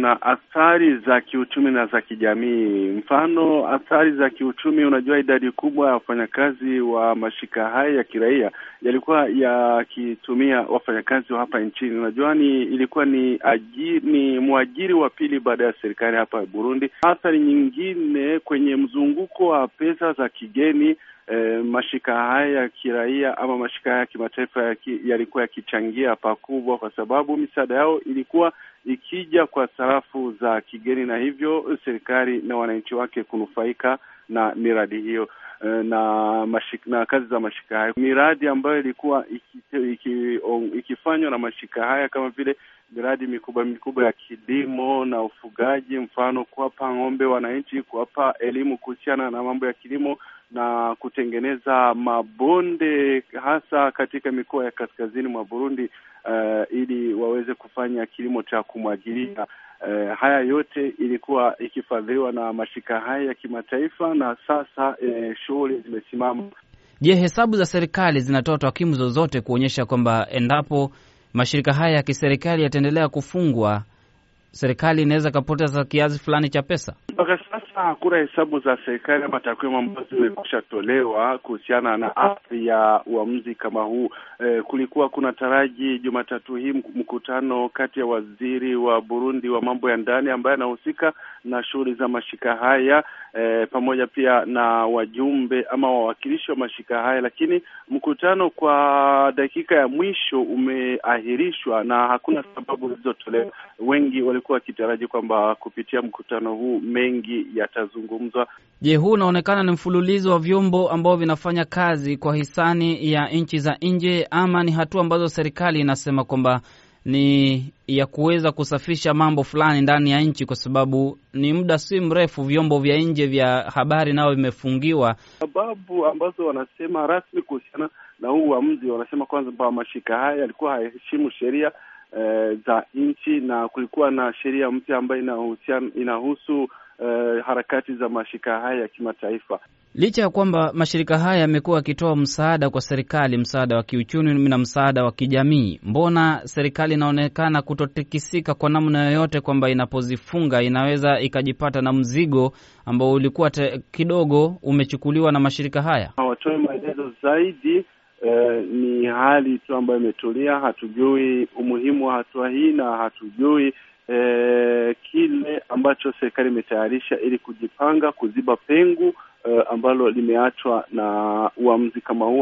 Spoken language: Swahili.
kuna athari za kiuchumi na za kijamii. Mfano, athari za kiuchumi, unajua idadi kubwa ya wafanyakazi wa mashirika haya ya kiraia yalikuwa yakitumia wafanyakazi wa hapa nchini. Unajua ni ilikuwa ni aji, ni mwajiri wa pili baada ya serikali hapa Burundi. Athari nyingine kwenye mzunguko wa pesa za kigeni E, mashirika haya ya kiraia ama mashirika haya ya kimataifa yalikuwa yakichangia pakubwa, kwa sababu misaada yao ilikuwa ikija kwa sarafu za kigeni, na hivyo serikali na wananchi wake kunufaika na miradi hiyo eh, na mashik, na kazi za mashirika hayo. Miradi ambayo ilikuwa ikifanywa iki, iki, um, iki na mashirika haya kama vile miradi mikubwa mikubwa ya kilimo na ufugaji, mfano kuwapa ng'ombe wananchi, kuwapa elimu kuhusiana na mambo ya kilimo na kutengeneza mabonde hasa katika mikoa ya kaskazini mwa Burundi, uh, ili waweze kufanya kilimo cha kumwagilia mm. Eh, haya yote ilikuwa ikifadhiliwa na mashirika haya ya kimataifa na sasa eh, shughuli zimesimama. Je, hesabu za serikali zinatoa takwimu zozote kuonyesha kwamba endapo mashirika haya ya kiserikali yataendelea kufungwa serikali inaweza ikapoteza kiasi fulani cha pesa? Mpaka hakuna ah, hesabu za serikali ama takwimu ambazo zimekusha tolewa kuhusiana na athari ya uamuzi kama huu. Eh, kulikuwa kuna taraji Jumatatu hii mkutano kati ya waziri wa Burundi wa mambo ya ndani ambaye anahusika na, na shughuli za mashika haya eh, pamoja pia na wajumbe ama wawakilishi wa mashika haya, lakini mkutano kwa dakika ya mwisho umeahirishwa na hakuna sababu zilizotolewa. Wengi walikuwa wakitaraji kwamba kupitia mkutano huu mengi ya yatazungumzwa. Je, huu unaonekana ni mfululizo wa vyombo ambao vinafanya kazi kwa hisani ya nchi za nje, ama ni hatua ambazo serikali inasema kwamba ni ya kuweza kusafisha mambo fulani ndani ya nchi, kwa sababu ni muda si mrefu vyombo vya nje vya habari nao vimefungiwa. Sababu ambazo wanasema rasmi kuhusiana na huu uamuzi, wanasema kwanza kwamba mashirika haya yalikuwa hayaheshimu sheria eh, za nchi na kulikuwa na sheria mpya ambayo inahusu uh, harakati za mashirika haya ya kimataifa. Licha ya kwamba mashirika haya yamekuwa yakitoa msaada kwa serikali, msaada wa kiuchumi na msaada wa kijamii, mbona serikali inaonekana kutotikisika kwa namna yoyote, kwamba inapozifunga inaweza ikajipata na mzigo ambao ulikuwa te, kidogo umechukuliwa na mashirika haya? Watoe maelezo zaidi. Uh, ni hali tu ambayo imetulia. Hatujui umuhimu wa hatua hii na hatujui Eh, kile ambacho serikali imetayarisha ili kujipanga kuziba pengo eh, ambalo limeachwa na uamuzi kama huo.